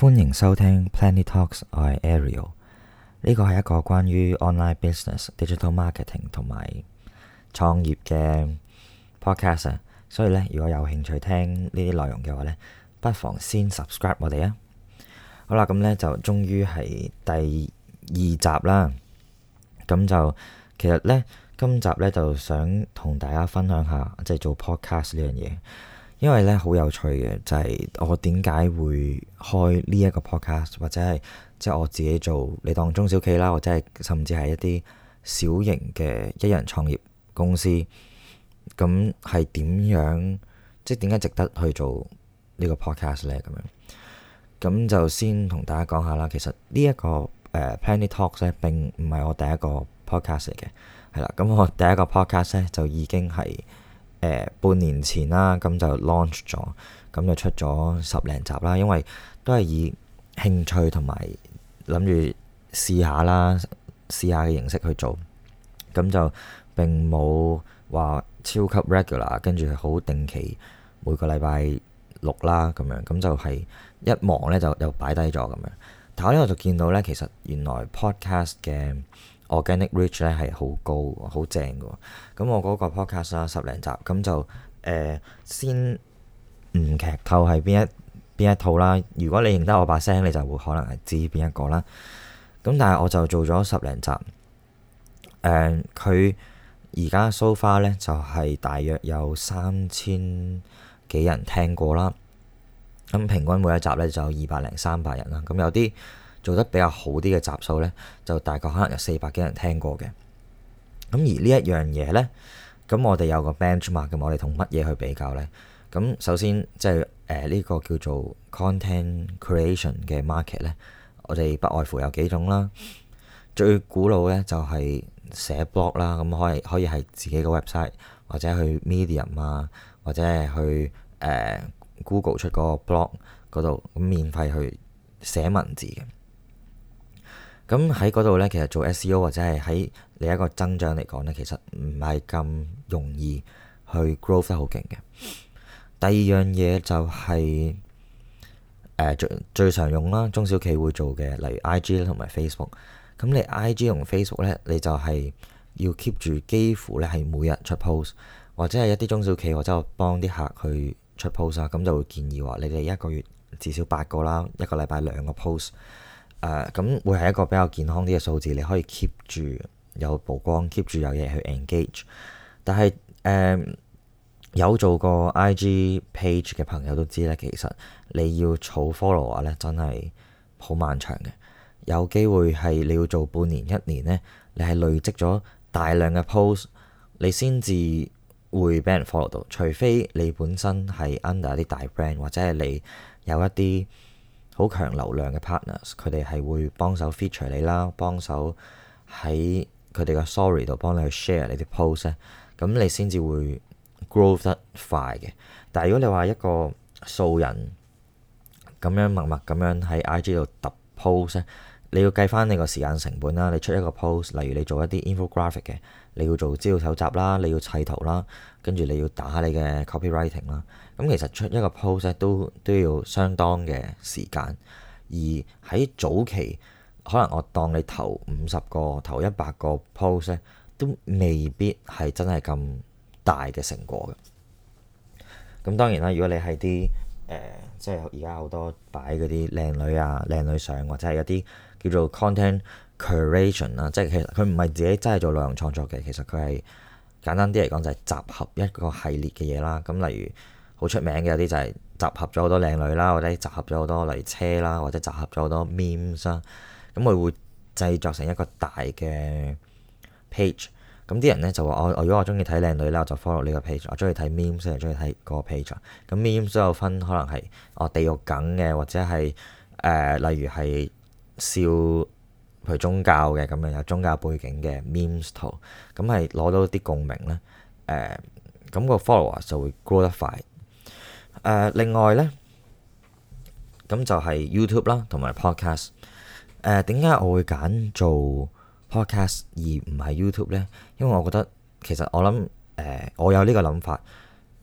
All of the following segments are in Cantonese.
歡迎收聽 Planty Talks，我係 Ariel，呢個係一個關於 online business、digital marketing 同埋創業嘅 podcast，所以咧如果有興趣聽呢啲內容嘅話咧，不妨先 subscribe 我哋啊。好啦，咁咧就終於係第二集啦，咁就其實咧今集咧就想同大家分享下，即係做 podcast 呢樣嘢。因為咧好有趣嘅就係、是、我點解會開呢一個 podcast 或者係即係我自己做你當中小企啦，或者係甚至係一啲小型嘅一人創業公司，咁係點樣即係點解值得去做個呢個 podcast 咧？咁樣咁就先同大家講下啦。其實、這個 uh, 呢一個誒 Planty Talks 咧並唔係我第一個 podcast 嚟嘅，係啦。咁我第一個 podcast 咧就已經係。呃、半年前啦，咁就 launch 咗，咁就出咗十零集啦。因為都係以興趣同埋諗住試下啦，試下嘅形式去做，咁就並冇話超級 regular，跟住好定期每個禮拜錄啦咁樣，咁就係一忙呢，就又擺低咗咁樣。但係咧我就見到呢，其實原來 podcast 嘅。Organic reach 咧係好高，好正嘅喎。咁我嗰個 podcast 啦，十零集，咁就誒、呃、先唔劇透係邊一邊一套啦。如果你認得我把聲，你就會可能係知邊一個啦。咁但係我就做咗十零集，誒佢而家 so far 咧就係、是、大約有三千幾人聽過啦。咁平均每一集咧就有二百零三百人啦。咁有啲做得比較好啲嘅集數呢，就大概可能有四百幾人聽過嘅。咁而呢一樣嘢呢，咁我哋有個 benchmark，咁我哋同乜嘢去比較呢？咁首先即係誒呢個叫做 content creation 嘅 market 呢，我哋不外乎有幾種啦。最古老呢，就係寫 blog 啦，咁可以可以係自己個 website 或者去 Medium 啊，或者係去 Google 出嗰個 blog 嗰度咁免費去寫文字嘅。咁喺嗰度呢，其實做 S E O 或者係喺你一個增長嚟講呢，其實唔係咁容易去 growth 得好勁嘅。第二樣嘢就係、是、誒、呃、最最常用啦，中小企會做嘅，例如 I G 同埋 Facebook。咁你 I G 同 Facebook 呢，你就係要 keep 住幾乎呢係每日出 post，或者係一啲中小企或者我幫啲客去出 post 啊。咁就會建議話你哋一個月至少八個啦，一個禮拜兩個 post。誒咁會係一個比較健康啲嘅數字，你可以 keep 住有曝光，keep 住有嘢去 engage。但係誒、呃、有做過 IG page 嘅朋友都知咧，其實你要儲 follower 咧，真係好漫長嘅。有機會係你要做半年一年咧，你係累積咗大量嘅 post，你先至會俾人 follow 到。除非你本身係 under 啲大 brand，或者係你有一啲好強流量嘅 partners，佢哋係會幫手 feature 你啦，幫手喺佢哋嘅 story 度幫你去 share 你啲 post 咧，咁你先至會 grow 得快嘅。但係如果你話一個素人咁樣默默咁樣喺 IG 度揼 post 咧，你要計翻你個時間成本啦，你出一個 post，例如你做一啲 infographic 嘅，你要做資料搜集啦，你要砌圖啦，跟住你要打下你嘅 copywriting 啦，咁其實出一個 post 都都要相當嘅時間。而喺早期，可能我當你投五十個、投一百個 post 都未必係真係咁大嘅成果嘅。咁當然啦，如果你係啲誒，即係而家好多擺嗰啲靚女啊、靚女相或者係一啲。叫做 content curation 啦，即係其實佢唔係自己真係做內容創作嘅，其實佢係簡單啲嚟講就係集合一個系列嘅嘢啦。咁例如好出名嘅有啲就係集合咗好多靚女啦，或者集合咗好多例如車啦，或者集合咗好多 memes 啦。咁佢會製作成一個大嘅 page。咁啲人咧就話：我如果我中意睇靚女啦，我就 follow 呢個 page；我中意睇 memes，就中意睇個 page。咁 memes 都有分，可能係我地獄梗嘅，或者係誒、呃、例如係。笑，譬如宗教嘅咁樣，有宗教背景嘅 meme 圖，咁係攞到啲共鳴呢，誒，咁個 follower 就會 grow 得快。誒，另外呢，咁就係 YouTube 啦，同埋 podcast。誒，點解我會揀做 podcast 而唔係 YouTube 呢？因為我覺得其實我諗誒，我有呢個諗法，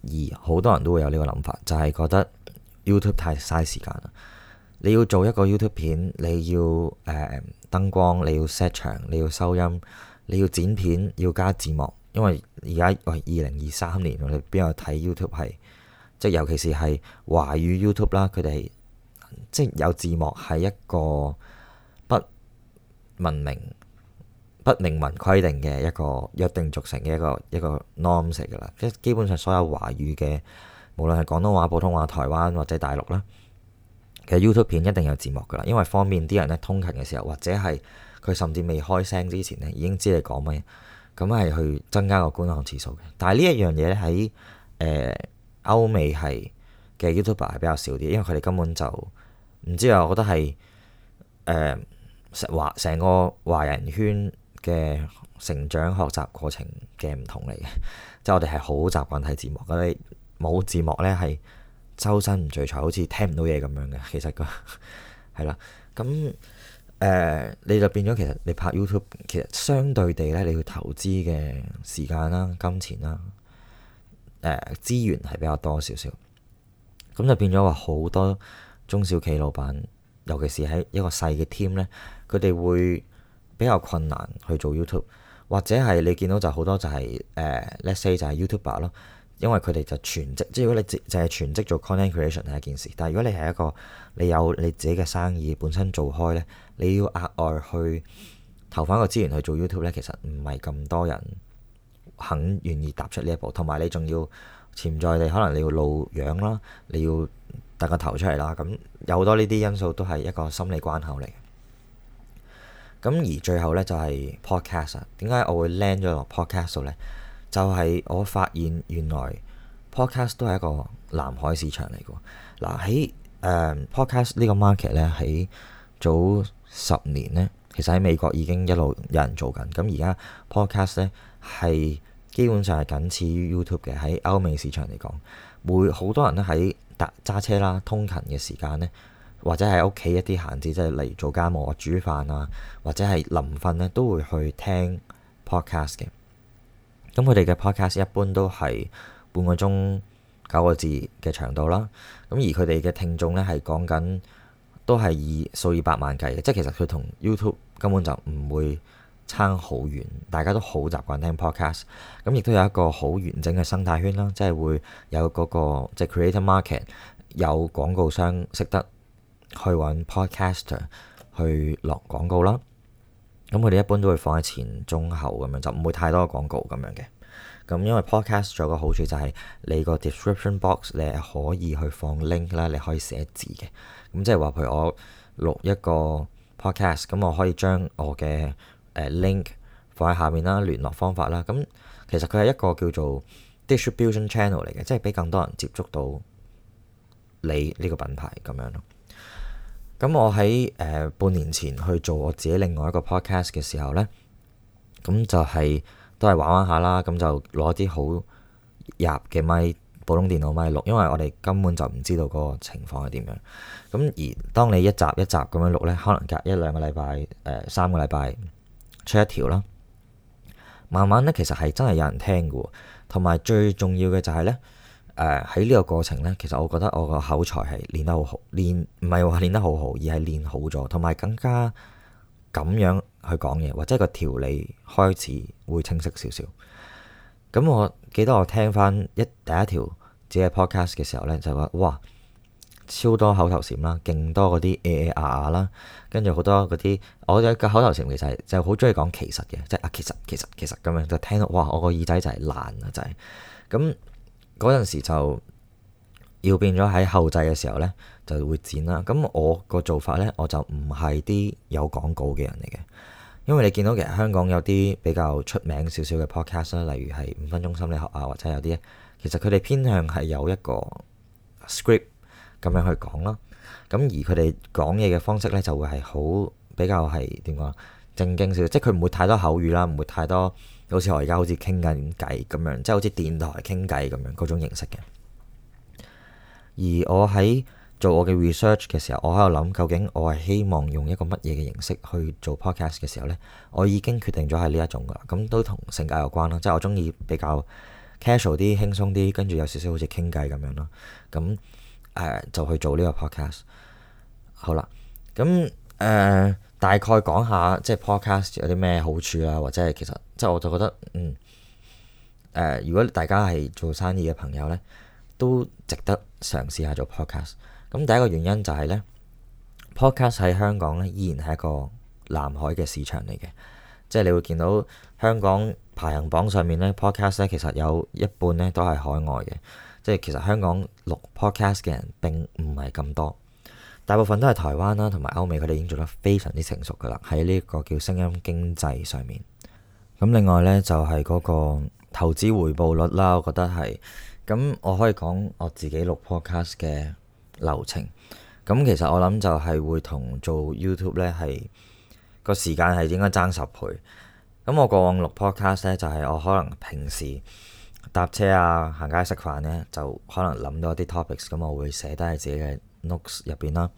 而好多人都會有呢個諗法，就係覺得 YouTube 太嘥時間啦。你要做一個 YouTube 片，你要誒、呃、燈光，你要 set 場，你要收音，你要剪片，要加字幕。因為而家為二零二三年，我哋邊個睇 YouTube 係，即係尤其是係華語 YouTube 啦，佢哋即係有字幕係一個不文明、不明文規定嘅一個約定俗成嘅一個一個 norm 嚟㗎啦，即係基本上所有華語嘅，無論係廣東話、普通話、台灣或者大陸啦。嘅 YouTube 片一定有字幕㗎喇，因為方便啲人咧，通勤嘅時候，或者係佢甚至未開聲之前咧，已經知你講乜嘢，咁係去增加個觀看次數嘅。但係呢一樣嘢咧，喺誒歐美係嘅 YouTuber 係比較少啲，因為佢哋根本就唔知啊。我覺得係誒華成個華人圈嘅成長學習過程嘅唔同嚟嘅，即係我哋係好習慣睇字幕，咁你冇字幕咧係。周身唔聚財，好似聽唔到嘢咁樣嘅，其實佢係啦，咁 誒、呃、你就變咗其實你拍 YouTube，其實相對地咧，你去投資嘅時間啦、啊、金錢啦、啊、誒、呃、資源係比較多少少，咁就變咗話好多中小企老闆，尤其是喺一個細嘅 team 咧，佢哋會比較困難去做 YouTube，或者係你見到就好多就係、是、誒、呃、let's say 就係 YouTuber 咯。因為佢哋就全職，即係如果你淨係全職做 content creation 係一件事，但係如果你係一個你有你自己嘅生意本身做開呢，你要額外去投翻個資源去做 YouTube 呢，其實唔係咁多人肯願意踏出呢一步，同埋你仲要潛在地，可能你要露樣啦，你要帶個頭出嚟啦，咁有好多呢啲因素都係一個心理關口嚟。咁而最後 cast，呢，就係 podcast，點解我會 land 咗落 podcast 呢？就係我發現，原來 podcast 都係一個南海市場嚟嘅。嗱，喺誒 podcast 呢個 market 咧，喺早十年咧，其實喺美國已經一路有人做緊。咁而家 podcast 咧係基本上係僅次於 YouTube 嘅，喺歐美市場嚟講，會好多人咧喺搭揸車啦、通勤嘅時間咧，或者喺屋企一啲閒置，即係例如做家務、煮飯啊，或者係臨瞓咧都會去聽 podcast 嘅。咁佢哋嘅 podcast 一般都係半個鐘九個字嘅長度啦，咁而佢哋嘅聽眾咧係講緊都係以數以百萬計嘅，即係其實佢同 YouTube 根本就唔會差好遠，大家都好習慣聽 podcast，咁亦都有一個好完整嘅生態圈啦，即係會有嗰個即係 creator market，有廣告商識得去揾 podcaster 去落廣告啦。咁佢哋一般都會放喺前、中、後咁樣，就唔會太多廣告咁樣嘅。咁因為 podcast 仲有個好處就係你個 description box，你係可以去放 link 啦，你可以寫字嘅。咁即係話，譬如我錄一個 podcast，咁我可以將我嘅誒 link 放喺下面啦，聯絡方法啦。咁其實佢係一個叫做 distribution channel 嚟嘅，即係俾更多人接觸到你呢個品牌咁樣咯。咁我喺誒、呃、半年前去做我自己另外一個 Podcast 嘅時候呢，咁就係、是、都係玩玩下啦，咁就攞啲好入嘅咪普通電腦咪錄，因為我哋根本就唔知道嗰個情況係點樣。咁而當你一集一集咁樣錄呢，可能隔一兩個禮拜、誒、呃、三個禮拜出一條啦，慢慢呢，其實係真係有人聽嘅喎，同埋最重要嘅就係呢。誒喺呢個過程呢，其實我覺得我個口才係練得好好，練唔係話練得好好，而係練好咗，同埋更加咁樣去講嘢，或者個條理開始會清晰少少。咁我記得我聽翻一第一條自己嘅 podcast 嘅時候呢，就話，哇，超多口頭禪啦，勁多嗰啲 A A 啊啊啦，跟住好多嗰啲，我嘅口頭禪其實就好中意講其實嘅，即係啊其實其實其實咁樣，就聽到哇，我個耳仔就係爛啊，就係咁。嗰陣時就要變咗喺後製嘅時候呢，就會剪啦。咁我個做法呢，我就唔係啲有廣告嘅人嚟嘅，因為你見到其實香港有啲比較出名少少嘅 Podcast 啦，例如係五分鐘心理學啊，或者有啲其實佢哋偏向係有一個 script 咁樣去講啦。咁而佢哋講嘢嘅方式呢，就會係好比較係點講？正經少少，即係佢唔會太多口語啦，唔會太多好似我而家好似傾緊偈咁樣，即係好似電台傾偈咁樣嗰種形式嘅。而我喺做我嘅 research 嘅時候，我喺度諗究竟我係希望用一個乜嘢嘅形式去做 podcast 嘅時候呢，我已經決定咗係呢一種㗎啦。咁都同性格有關啦，即係我中意比較 casual 啲、輕鬆啲，跟住有少少好似傾偈咁樣咯。咁誒就去做呢個 podcast。好啦，咁誒。Uh, 大概講下即係 podcast 有啲咩好處啊？或者係其實即係我就覺得嗯誒、呃，如果大家係做生意嘅朋友咧，都值得嘗試下做 podcast。咁、嗯、第一個原因就係、是、咧，podcast 喺香港咧依然係一個藍海嘅市場嚟嘅，即係你會見到香港排行榜上面咧 podcast 咧其實有一半咧都係海外嘅，即係其實香港錄 podcast 嘅人並唔係咁多。大部分都係台灣啦，同埋歐美，佢哋已經做得非常之成熟噶啦。喺呢個叫聲音經濟上面，咁另外呢就係、是、嗰個投資回報率啦，我覺得係。咁我可以講我自己錄 podcast 嘅流程。咁其實我諗就係會同做 YouTube 呢，係個時間係應該爭十倍。咁我過往錄 podcast 呢就係、是、我可能平時搭車啊、行街食飯呢，就可能諗到一啲 topics，咁我會寫低自己嘅。錄入邊啦，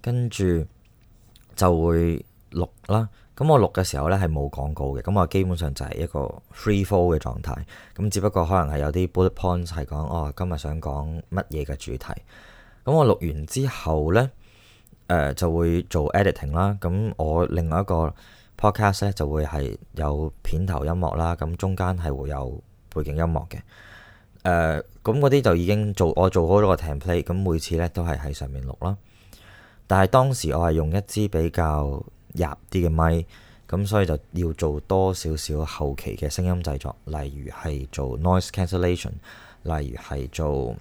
跟住就會錄啦。咁我錄嘅時候咧係冇廣告嘅，咁我基本上就係一個 free flow 嘅狀態。咁只不過可能係有啲 bullet points 係講哦，今日想講乜嘢嘅主題。咁我錄完之後咧，誒就會做 editing 啦。咁我另外一個 podcast 咧就會係有片頭音樂啦，咁中間係會有背景音樂嘅。誒咁嗰啲就已經做我做好咗個 template，咁每次咧都係喺上面錄啦。但係當時我係用一支比較入啲嘅咪，咁所以就要做多少少後期嘅聲音製作，例如係做 noise cancellation，例如係做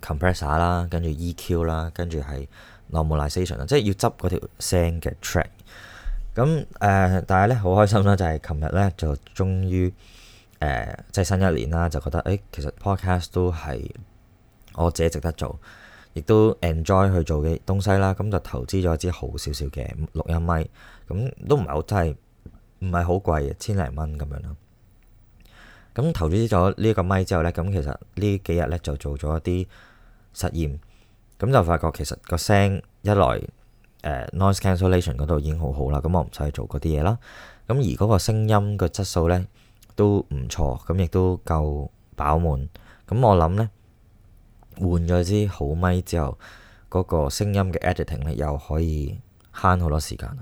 compressor 啦，跟住 EQ 啦，跟住係 n o r m a l i z a t i o n normalization 啊，即係要執嗰條聲嘅 track。咁誒，uh, 但係咧好開心啦，就係琴日咧就終於～呃、即係新一年啦，就覺得誒、欸，其實 podcast 都係我自己值得做，亦都 enjoy 去做嘅東西啦。咁就投資咗一支好少少嘅錄音咪，咁都唔係好真係唔係好貴，千零蚊咁樣咯。咁投資咗呢個咪之後呢，咁其實呢幾日呢，就做咗一啲實驗，咁就發覺其實個聲一來誒 noise cancellation 嗰度已經好好啦，咁我唔使做嗰啲嘢啦。咁而嗰個聲音嘅、呃、質素呢，都唔錯，咁亦都夠飽滿。咁我諗呢換咗支好咪之後，嗰個聲音嘅 editing 咧又可以慳好多時間。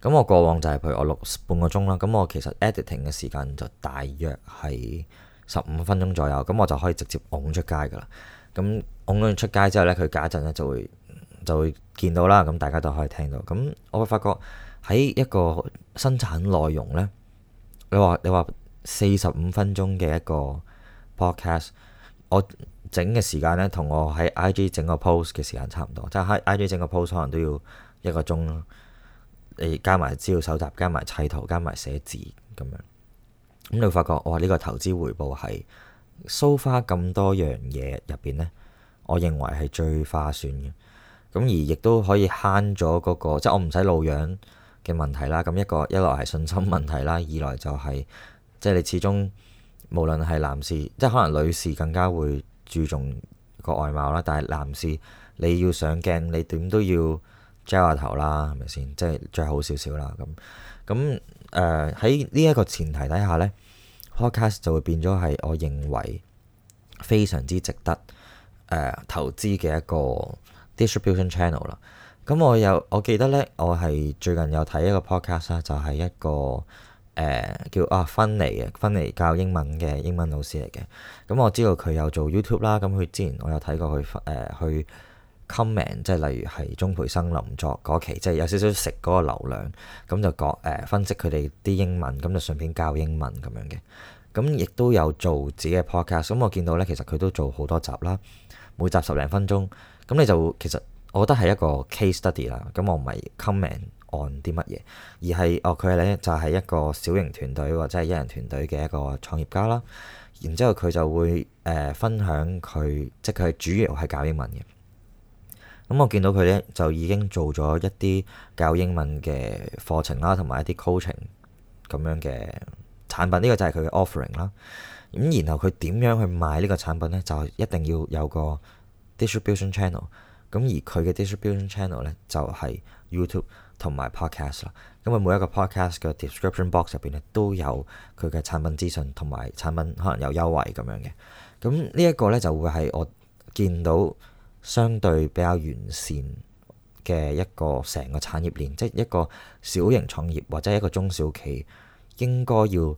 咁我過往就係譬如我錄半個鐘啦，咁我其實 editing 嘅時間就大約係十五分鐘左右，咁我就可以直接㧬出街㗎啦。咁㧬咗出街之後呢，佢隔一陣呢就會就會見到啦。咁大家都可以聽到。咁我會發覺喺一個生產內容呢，你話你話，四十五分鐘嘅一個 podcast，我整嘅時間呢，同我喺 I G 整個 post 嘅時間差唔多，即係 I G 整個 post 可能都要一個鐘咯。你加埋資料搜集，加埋砌圖，加埋寫字咁樣，咁你會發覺哇！呢個投資回報係 so far 咁多樣嘢入邊呢，我認為係最花算嘅。咁而亦都可以慳咗嗰個，即係我唔使露樣嘅問題啦。咁一個一來係信心問題啦，二來就係、是。即係你始終，無論係男士，即係可能女士更加會注重個外貌啦。但係男士你要上鏡，你點都要 gel 下頭啦，係咪先？即係著好少少啦。咁咁誒喺呢一個前提底下呢，podcast 就會變咗係我認為非常之值得、呃、投資嘅一個 distribution channel 啦。咁我有我記得呢，我係最近有睇一個 podcast 啊，就係一個。誒叫啊芬妮嘅芬妮教英文嘅英文老師嚟嘅，咁我知道佢有做 YouTube 啦，咁佢之前我有睇過佢誒去 comment，即係例如係鍾培生林作嗰期，即係有少少食嗰個流量，咁就講誒分析佢哋啲英文，咁就順便教英文咁樣嘅，咁亦都有做自己嘅 podcast，咁我見到咧其實佢都做好多集啦，每集十零分鐘，咁你就其實我覺得係一個 case study 啦，咁我唔係 comment，按啲乜嘢，而係哦佢咧就係、是、一個小型團隊或者係一人團隊嘅一個創業家啦。然之後佢就會誒、呃、分享佢，即係佢主要係教英文嘅。咁我見到佢咧就已經做咗一啲教英文嘅課程啦，同埋一啲 coaching 咁樣嘅產品。呢、這個就係佢嘅 offering 啦。咁然後佢點樣去賣呢個產品咧？就係一定要有個 distribution channel, dist channel。咁而佢嘅 distribution channel 咧就係、是、YouTube。同埋 podcast 啦，咁啊，每一個 podcast 嘅 description box 入邊咧都有佢嘅產品資訊同埋產品可能有優惠咁樣嘅。咁呢一個咧就會係我見到相對比較完善嘅一個成個產業鏈，即係一個小型創業或者一個中小企應該要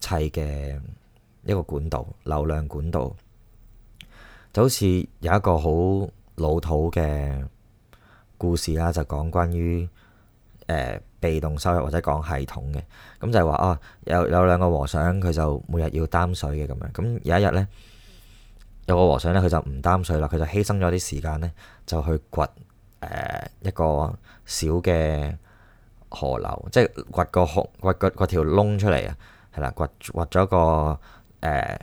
砌嘅一個管道流量管道。就好似有一個好老土嘅故事啦，就講關於。誒、呃，被動收入或者講，講系統嘅，咁就係話啊，有有兩個和尚，佢就每日要擔水嘅咁樣。咁有一日咧，有個和尚咧，佢就唔擔水啦，佢就犧牲咗啲時間咧，就去掘誒、呃、一個小嘅河流，即係掘個 hole，掘掘掘條窿出嚟啊，係啦，掘掘咗個誒、呃、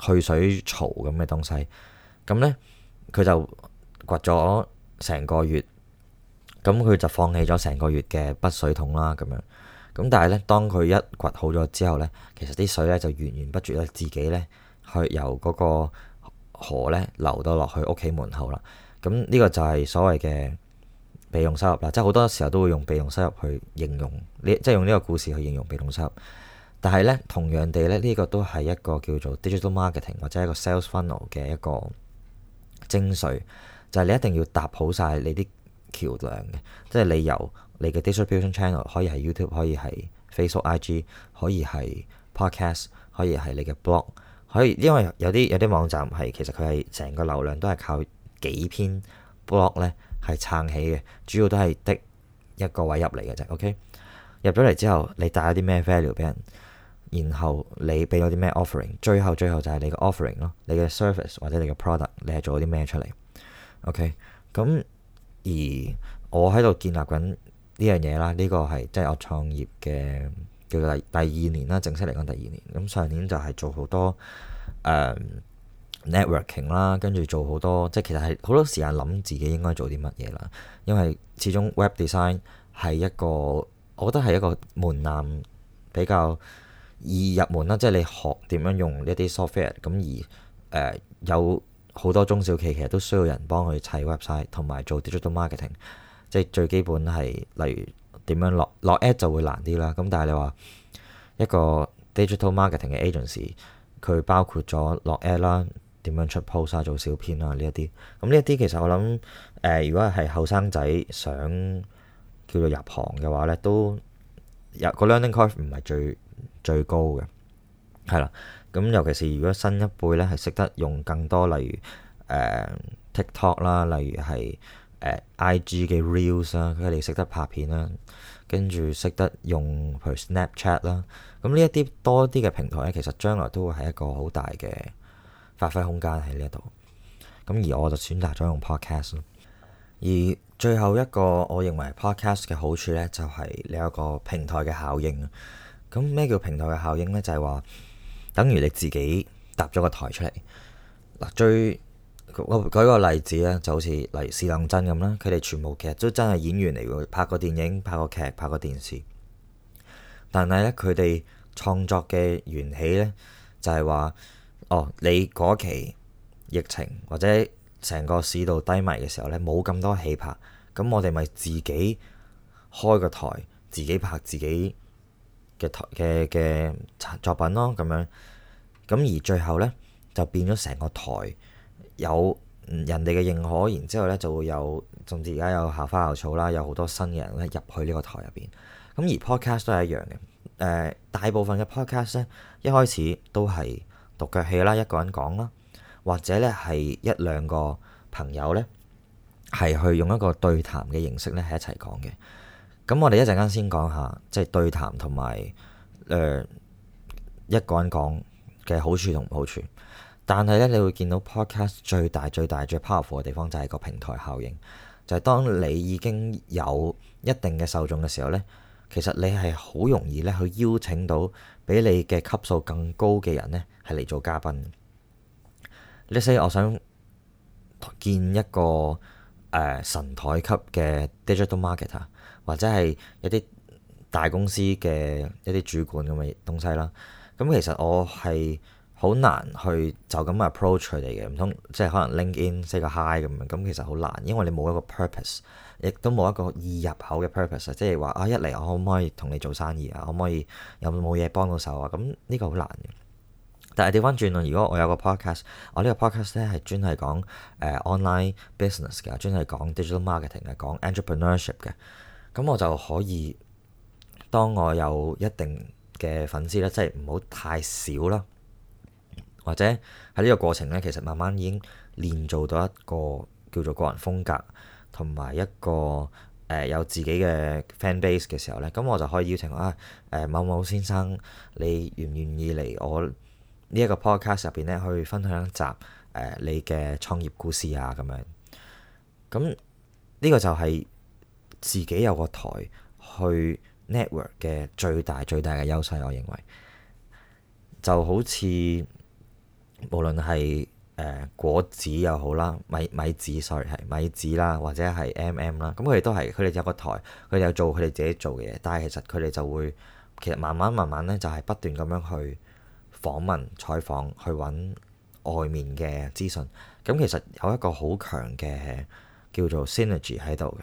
去水槽咁嘅東西。咁咧，佢就掘咗成個月。咁佢就放棄咗成個月嘅不水桶啦，咁樣。咁但係咧，當佢一掘好咗之後咧，其實啲水咧就源源不絕咧，自己咧去由嗰個河咧流到落去屋企門口啦。咁、這、呢個就係所謂嘅備用收入啦。即係好多時候都會用被動收入去形容呢，即係用呢個故事去形容被動收入。但係咧，同樣地咧，呢、這個都係一個叫做 digital marketing 或者係一個 sales funnel 嘅一個精髓，就係、是、你一定要搭好晒你啲，橋梁嘅，即係你由你嘅 distribution channel 可以係 YouTube，可以係 Facebook、IG，可以係 podcast，可以係你嘅 blog，可以因為有啲有啲網站係其實佢係成個流量都係靠幾篇 blog 咧係撐起嘅，主要都係的一個位入嚟嘅啫。OK，入咗嚟之後，你帶咗啲咩 value 俾人，然後你俾咗啲咩 offering，最後最後就係你嘅 offering 咯，你嘅 service 或者你嘅 product，你係做咗啲咩出嚟？OK，咁。而我喺度建立緊呢樣嘢啦，呢、這個係即係我創業嘅叫做第二年啦，正式嚟講第二年。咁上年就係做好多 networking 啦，跟、嗯、住做好多即係其實係好多時間諗自己應該做啲乜嘢啦。因為始終 web design 係一個我覺得係一個門檻比較易入門啦，即係你學點樣用呢啲 software 咁而誒、呃、有。好多中小企其實都需要人幫佢砌 website 同埋做 digital marketing，即係最基本係例如點樣落落 ad 就會難啲啦。咁但係你話一個 digital marketing 嘅 agency，佢包括咗落 ad 啦，點樣出 post 啊，做小編啊呢一啲。咁呢一啲其實我諗誒、呃，如果係後生仔想叫做入行嘅話咧，都入、嗰個 learning curve 唔係最最高嘅，係啦。咁，尤其是如果新一輩咧，係識得用更多，例如誒、呃、TikTok 啦，例如係誒 I G 嘅 Reels 啦，佢哋識得拍片啦，跟住識得用 Snapchat 啦，咁呢一啲多啲嘅平台咧，其實將來都會係一個好大嘅發揮空間喺呢一度。咁而我就選擇咗用 Podcast 而最後一個，我認為 Podcast 嘅好處咧，就係你有個平台嘅效應。咁咩叫平台嘅效應咧？就係話。等於你自己搭咗個台出嚟嗱，最我舉個例子咧，就好似黎試當真咁啦，佢哋全部其實都真係演員嚟喎，拍過電影、拍過劇、拍過電視，但係咧佢哋創作嘅緣起咧就係話，哦你嗰期疫情或者成個市道低迷嘅時候咧，冇咁多戲拍，咁我哋咪自己開個台，自己拍自己。嘅台嘅嘅作品咯，咁樣，咁而最後咧就變咗成個台有人哋嘅認可，然之後咧就會有，甚至而家有校花校草啦，有好多新嘅人咧入去呢個台入邊。咁而 podcast 都係一樣嘅，誒、呃、大部分嘅 podcast 咧一開始都係獨腳戲啦，一個人講啦，或者咧係一兩個朋友咧係去用一個對談嘅形式咧喺一齊講嘅。咁我哋一陣間先講下，即、就、係、是、對談同埋誒一個人講嘅好處同唔好處。但係咧，你會見到 podcast 最大、最大、最 powerful 嘅地方就係個平台效應。就係、是、當你已經有一定嘅受眾嘅時候咧，其實你係好容易咧去邀請到比你嘅級數更高嘅人咧，係嚟做嘉賓。呢些我想見一個誒、呃、神台級嘅 digital marketer。或者係一啲大公司嘅一啲主管咁嘅東西啦。咁其實我係好難去就咁樣 approach 佢哋嘅，唔通即係可能 link in say 個 hi 咁樣，咁其實好難，因為你冇一個 purpose，亦都冇一個易入口嘅 purpose，即係話啊一嚟我可唔可以同你做生意啊？可唔可以有冇嘢幫到手啊？咁呢個好難。但係掉翻轉，如果我有個 podcast，我呢個 podcast 咧係專係講誒 online business 嘅，專係講 digital marketing，係講 entrepreneurship 嘅。咁我就可以，當我有一定嘅粉絲咧，即係唔好太少啦，或者喺呢個過程咧，其實慢慢已經練造到一個叫做個人風格，同埋一個誒、呃、有自己嘅 fan base 嘅時候咧，咁我就可以邀請啊誒某某先生，你願唔願意嚟我呢一個 podcast 入邊咧，去分享一集誒、呃、你嘅創業故事啊咁樣。咁呢、這個就係、是。自己有個台去 network 嘅最大最大嘅優勢，我認為就好似無論係誒果子又好啦，米米子，sorry 係米子啦，或者係 M M 啦，咁佢哋都係佢哋有個台，佢有做佢哋自己做嘅嘢，但係其實佢哋就會其實慢慢慢慢咧，就係不斷咁樣去訪問、採訪，去揾外面嘅資訊。咁其實有一個好強嘅叫做 synergy 喺度嘅。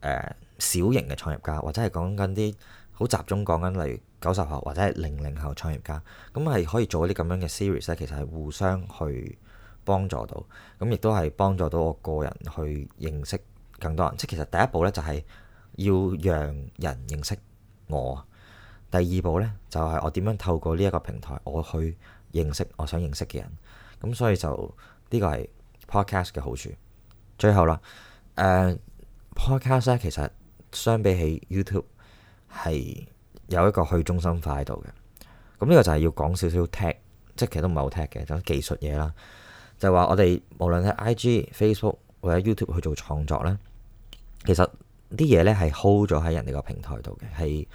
誒、呃、小型嘅創業家，或者係講緊啲好集中講緊，例如九十後或者係零零後創業家，咁係可以做啲咁樣嘅 series 咧。其實係互相去幫助到，咁亦都係幫助到我個人去認識更多人。即係其實第一步咧就係要讓人認識我，第二步咧就係我點樣透過呢一個平台我去認識我想認識嘅人。咁所以就呢個係 podcast 嘅好處。最後啦，誒、呃。Podcast 咧，其實相比起 YouTube 係有一個去中心化喺度嘅。咁呢個就係要講少少 tech 即係其實都唔係好 tech 嘅，就係、技術嘢啦。就話我哋無論喺 IG、Facebook 或者 YouTube 去做創作咧，其實啲嘢咧係 hold 咗喺人哋個平台度嘅，係誒，即、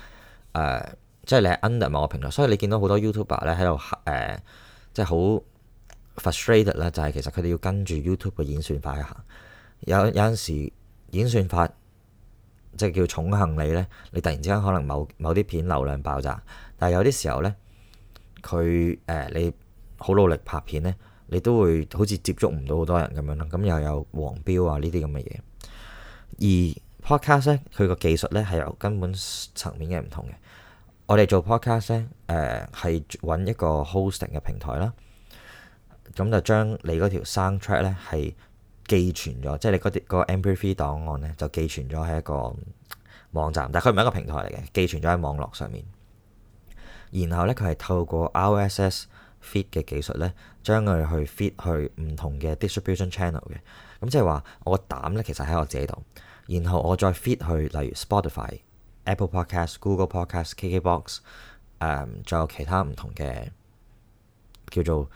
呃、係、就係、你 under 某個平台。所以你見到好多 YouTuber 咧喺度誒，即係好 frustrated 啦，就係、係、其實佢哋要跟住 YouTube 嘅演算法行。有有陣時。演算法即係叫寵幸你呢。你突然之間可能某某啲片流量爆炸，但係有啲時候呢，佢誒、呃、你好努力拍片呢，你都會好似接觸唔到好多人咁樣啦。咁又有黃標啊呢啲咁嘅嘢。而 podcast 佢個技術呢係有根本層面嘅唔同嘅。我哋做 podcast 誒、呃、係揾一個 hosting 嘅平台啦，咁就將你嗰條 sound track 呢係。寄存咗，即係你嗰啲個 MP3 檔案咧，就寄存咗喺一個網站，但係佢唔係一個平台嚟嘅，寄存咗喺網絡上面。然後咧，佢係透過 RSS feed 嘅技術咧，將佢去 feed 去唔同嘅 distribution channel 嘅。咁即係話，我個膽咧其實喺我自己度，然後我再 feed 去例如 Spotify、Apple Podcast、Google Podcast、KKBox、嗯、KKBox 誒，仲有其他唔同嘅叫做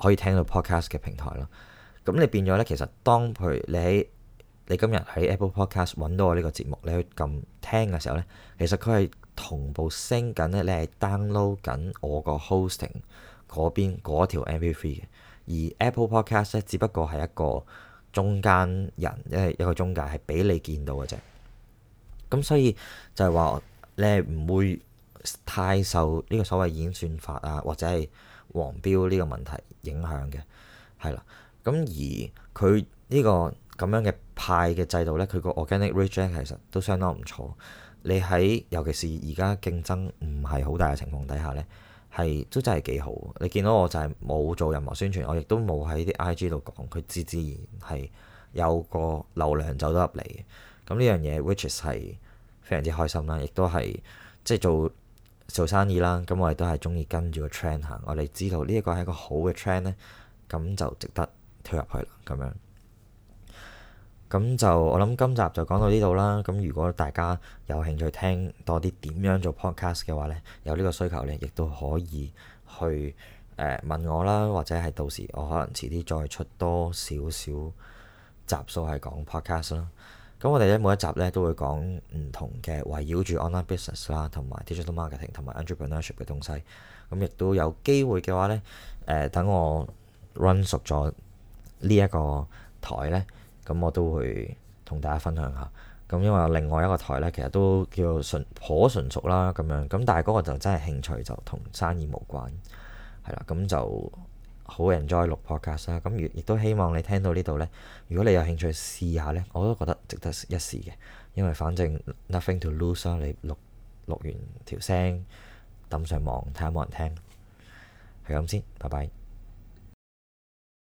可以聽到 Podcast 嘅平台咯。咁你變咗咧，其實當譬如你喺你今日喺 Apple Podcast 揾到我呢個節目，你去撳聽嘅時候咧，其實佢係同步升緊咧，你係 download 緊我個 hosting 嗰邊嗰條 MP3 嘅，而 Apple Podcast 咧只不過係一個中間人，即係一個中介，係俾你見到嘅啫。咁所以就係話，你係唔會太受呢個所謂演算法啊，或者係黃標呢個問題影響嘅，係啦。咁而佢呢個咁樣嘅派嘅制度咧，佢個 organic reach 咧，其實都相當唔錯。你喺尤其是而家競爭唔係好大嘅情況底下咧，係都真係幾好。你見到我就係冇做任何宣傳，我亦都冇喺啲 IG 度講，佢自自然係有個流量走咗入嚟嘅。咁呢樣嘢，which is 係非常之開心啦，亦都係即係做做生意啦。咁我哋都係中意跟住個 trend 行，我哋知道呢一個係一個好嘅 trend 咧，咁就值得推入去啦，咁樣咁就我諗今集就講到呢度啦。咁如果大家有興趣聽多啲點樣做 podcast 嘅話呢，有呢個需求呢，亦都可以去誒、呃、問我啦，或者係到時我可能遲啲再出多少少集數係講 podcast 啦。咁我哋咧，每一集呢都會講唔同嘅，圍繞住 online business 啦，同埋 digital marketing 同埋 entrepreneurship 嘅東西。咁亦都有機會嘅話呢、呃、等我 run 熟咗。呢一個台呢，咁我都會同大家分享下。咁因為有另外一個台呢，其實都叫純頗純熟啦，咁樣。咁但係嗰個就真係興趣，就同生意無關，係啦。咁就好 enjoy 錄 podcast 啦。咁亦都希望你聽到呢度呢，如果你有興趣試下呢，我都覺得值得一試嘅。因為反正 nothing to lose 啦，你錄錄完條聲抌上網，睇下冇人聽，係咁先。拜拜。